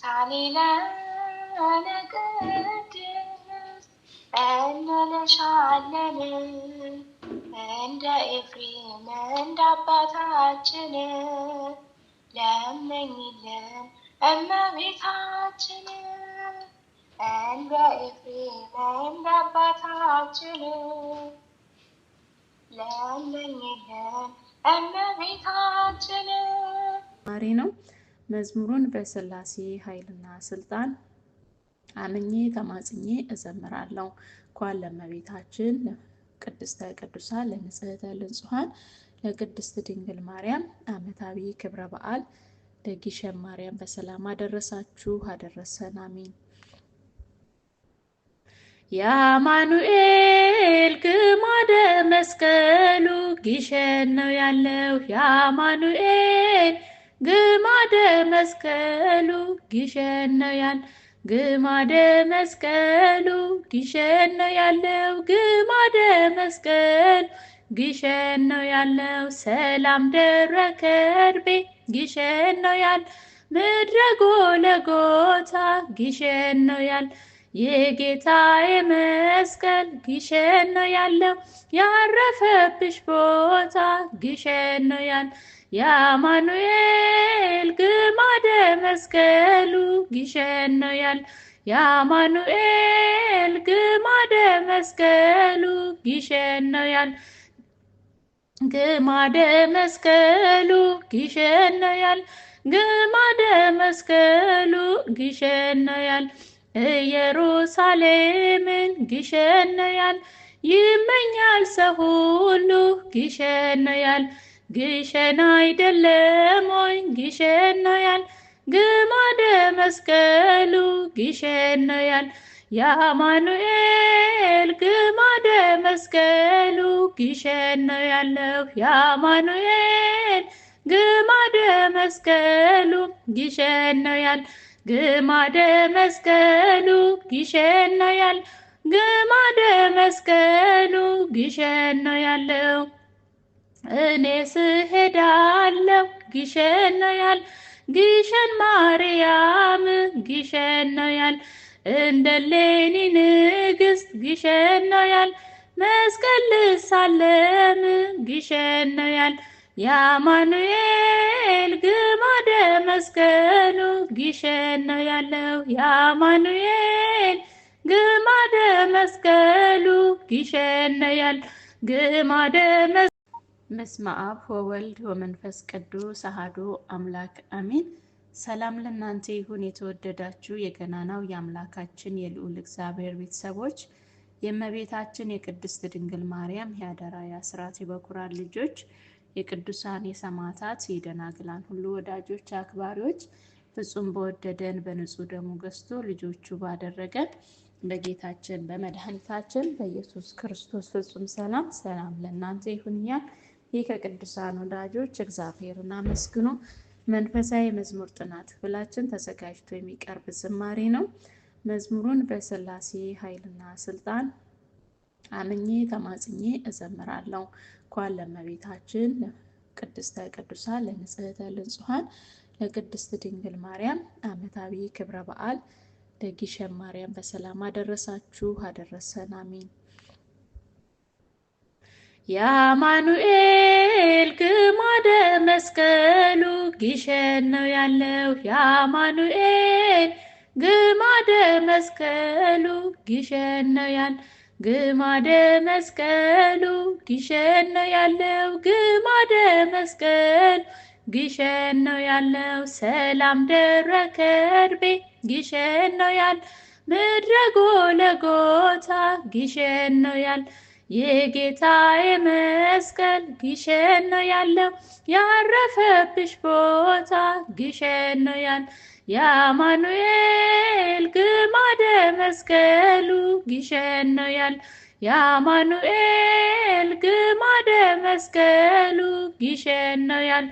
ሳሌላ ለቅድስ እንልሻለን እንደ ኤፍሬም እንደ አባታችን ለምኝልን እመቤታችን እንደ ኤፍሬም እንደ አባታችን ለምኝልን እመቤታችን ማሪ ነው። መዝሙሩን በስላሴ ኃይልና ስልጣን አምኜ ተማጽኜ እዘምራለሁ። እንኳን ለመቤታችን ቅድስተ ቅዱሳን ለንጽህተ ንጹሐን ለቅድስት ድንግል ማርያም ዓመታዊ ክብረ በዓል ለጊሸን ማርያም በሰላም አደረሳችሁ አደረሰን። አሜን። የአማኑኤል ግማደ መስቀሉ ጊሸን ነው ያለው የአማኑኤል ግማደ መስቀሉ ግሸን ነው ያል ግማደ መስቀሉ ግሸን ነው ያለው ግማደ መስቀሉ ግሸን ነው ያለው ሰላም ደብረ ከርቤ ግሸን ነው ያል ምድረ ጎለጎታ ግሸን ነው ያል የጌታዬ መስቀል ግሸን ነው ያለው ያረፈብሽ ቦታ ግሸን ነው ያል የአማኑኤል ግማደ መስቀሉ ጊሸን ነው ያል የአማኑኤል ግማደ መስቀሉ ጊሸን ነው ያል ግማደ መስቀሉ ጊሸን ነው ያል ግማደ መስቀሉ ጊሸን ነው ያል ኢየሩሳሌምን ግሸን ነው ያል ይመኛል ሰው ሁሉ ግሸን ነው ያል ግሸን አይደለም ወይ ግሸን ነው ያል ግማደ መስቀሉ ግሸን ነው ያል የአማኑኤል ግማደ መስቀሉ ግሸን ነው ያለው የአማኑኤል ግማደ መስቀሉ ግሸን ነው ያል ግማደ መስቀሉ ግሸን ነው ያል ግማደ መስቀሉ ግሸን ነው ያለው እኔ ስሄዳለሁ ግሸን ነው ያል ግሸን ማርያም ግሸን ነው ያል እንደ ሌኒ ንግስት ግሸን ነው ያል መስቀል ልሳለም ግሸን ነው ያል የአማኑኤል ግማደ መስቀሉ ግሸን ነው ያለው የአማኑኤል ግማደ መስቀሉ ግሸን ነው ያል ግማደ በስመ አብ ወወልድ ወመንፈስ ቅዱስ አሐዱ አምላክ አሜን። ሰላም ለእናንተ ይሁን። የተወደዳችሁ የገናናው የአምላካችን የልዑል እግዚአብሔር ቤተሰቦች የእመቤታችን የቅድስት ድንግል ማርያም የአደራ የአስራት የበኩራት ልጆች የቅዱሳን የሰማዕታት የደናግላን ሁሉ ወዳጆች አክባሪዎች ፍጹም በወደደን በንጹህ ደሙ ገዝቶ ልጆቹ ባደረገን በጌታችን በመድኃኒታችን በኢየሱስ ክርስቶስ ፍጹም ሰላም ሰላም ለእናንተ ይሁን ይህ ከቅዱሳን ወዳጆች እግዚአብሔርን አመስግኑ። መንፈሳዊ መዝሙር ጥናት ክፍላችን ተዘጋጅቶ የሚቀርብ ዝማሬ ነው። መዝሙሩን በስላሴ ኃይልና ስልጣን አምኜ ተማጽኜ እዘምራለሁ። እንኳን ለመቤታችን ቅድስተ ቅዱሳን ለንጽህተ ንጹሐን ለቅድስት ድንግል ማርያም ዓመታዊ ክብረ በዓል ለግሸን ማርያም በሰላም አደረሳችሁ አደረሰን። አሜን። ያማኑኤል ግማደ መስቀሉ ጊሸን ነው ያለው። ያማኑኤል ግማደ መስቀሉ ጊሸን ነው ያለ ግማደ መስቀሉ ጊሸን ነው ያለው። ግማደ መስቀሉ ጊሸን ነው ያለው። ሰላም ደብረ ከርቤ ጊሸን ነው ያለ ምድረ ጎለጎታ ጊሸን ነው ያለ የጌታዬ መስቀል ግሸን ነው ያለው ያረፈብሽ ቦታ ግሸን ነው ያል የአማኑኤል ግማደ መስቀሉ ግሸን ነው ያል የአማኑኤል ግማደ መስቀሉ ግሸን ነው ያል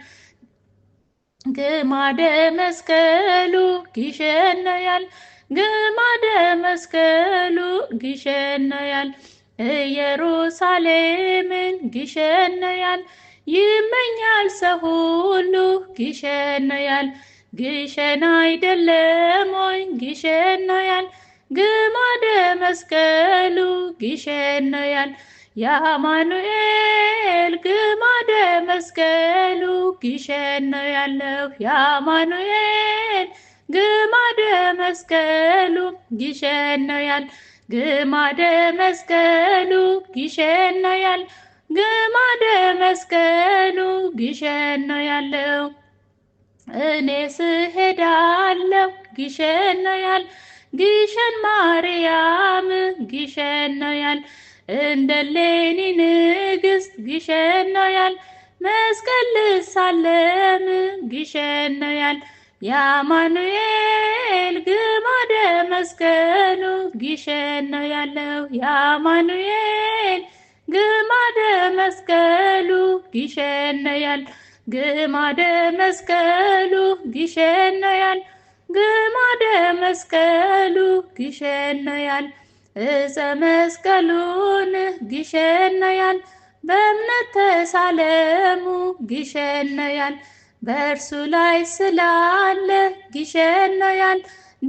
ግማደ መስቀሉ ግሸን ነው ያል ግማደ መስቀሉ ግሸን ነው ያል ኢየሩሳሌምን ግሸነያል ይመኛል ሰው ሁሉ ግሸነያል ግሸን አይደለም ወይ ግሸነያል ግማደ መስቀሉ ግሸነያል ያማኑኤል ግማደ መስቀሉ ግሸነያለሁ ያማኑኤል ግማደ መስቀሉ ግሸነያል ግማደ መስቀሉ ጊሸን ነው ያለው ግማደ መስቀሉ ጊሸን ነው ያለው እኔ ስሄዳለው ጊሸን ነው ያል ጊሸን ማርያም ጊሸን ነው ያል እንደ ሌኒ ንግስት ጊሸን ነው ያል መስቀል ሳለም ጊሸን ነው ያል ያማኑኤል ሚካኤል ግማደ መስቀሉ ጊሸን ነው ያለው የአማኑኤል ግማደ መስቀሉ ጊሸን ነው ያለው ግማደ መስቀሉ ጊሸን ነው ያለው ግማደ መስቀሉ ጊሸን ነው ያለው እፀ መስቀሉን ጊሸን ነው ያለው በእምነት ተሳለሙ ጊሸን ነው ያለው በእርሱ ላይ ስላለ ግሸን ነው ያን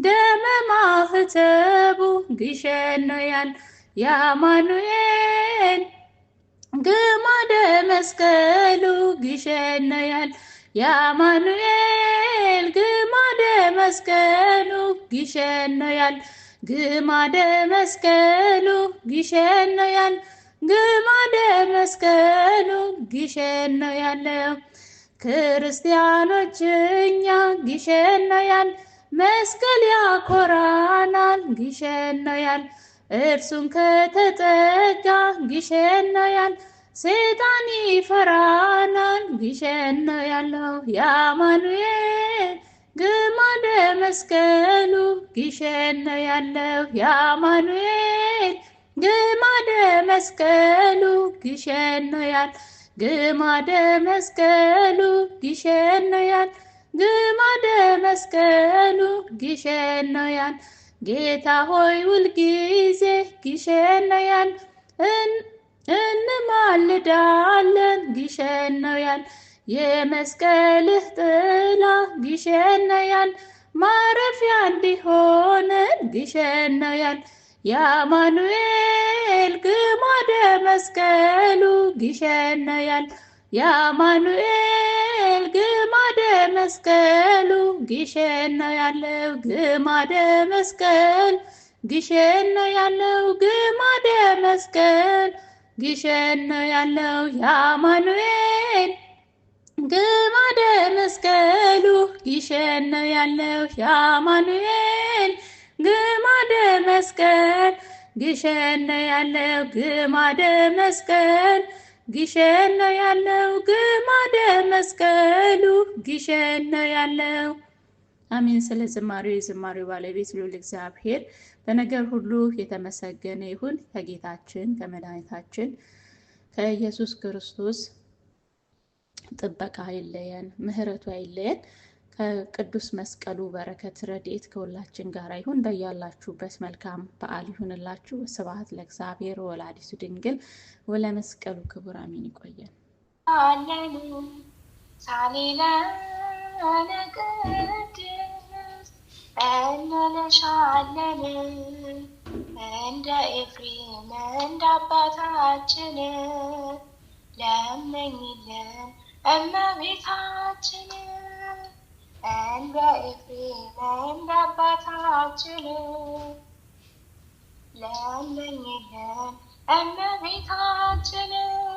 ደመ ማህተቡ ግሸን ነው ያን የአማኑኤል ግማደ መስቀሉ ግሸን ነው ያን የአማኑኤል ግማደ መስቀሉ ግሸን ነው ያን ግማደ መስቀሉ ግሸን ነው ያን ግማደ መስቀሉ ግሸን ነው ያለው ክርስቲያኖች እኛ ግሸን ነው መስቀል ያኮራናል ግሸን ነው እርሱን ከተጠጋ ግሸን ነው ሴጣን ይፈራናል ግሸን ያለው የአማኑኤል ግማደ መስቀሉ ግሸን ያለው የአማኑኤል ግማደ መስቀሉ ግሸን ግማደ መስቀሉ ግሸን ነው ያን ግማደ መስቀሉ ግሸን ነው ያን ጌታ ሆይ ውልጊዜ ግሸን ነው ያን እንማልዳለን ግሸን ነው ያን የመስቀልህ ጥላ ግሸን ነው ያን ማረፊያ እንዲሆነን ግሸን ነው ያማኑኤል ግማደ መስቀሉ ጊሸነያል ያማኑኤል ግማደ መስቀሉ ጊሸነ ያለው ግማደ መስቀል ግሸነ ያለው ግማደ መስቀል ግሸነ ያለው ያማኑኤል ግማደ መስቀሉ ግሸነ ያለው ያማኑኤል መስቀል ግሸን ያለው ግማደ መስቀል ግሸን ያለው ግማደ መስቀሉ ግሸን ያለው አሚን ስለ ዝማሬው የዝማሬው ባለቤት ልዑል እግዚአብሔር በነገር ሁሉ የተመሰገነ ይሁን። ከጌታችን ከመድኃኒታችን ከኢየሱስ ክርስቶስ ጥበቃ አይለየን፣ ምሕረቱ አይለየን። ከቅዱስ መስቀሉ በረከት ረድኤት ከሁላችን ጋር ይሁን። በያላችሁበት መልካም በዓል ይሁንላችሁ። ስብሐት ለእግዚአብሔር ወላዲቱ ድንግል ወለመስቀሉ ክቡር አሜን። ይቆየን። ሳሌላ ለቅድስ እንደ ኤፍሬም እንደ አባታችን ለምኝልን And if we land up about touch in it, land in it, and then we touch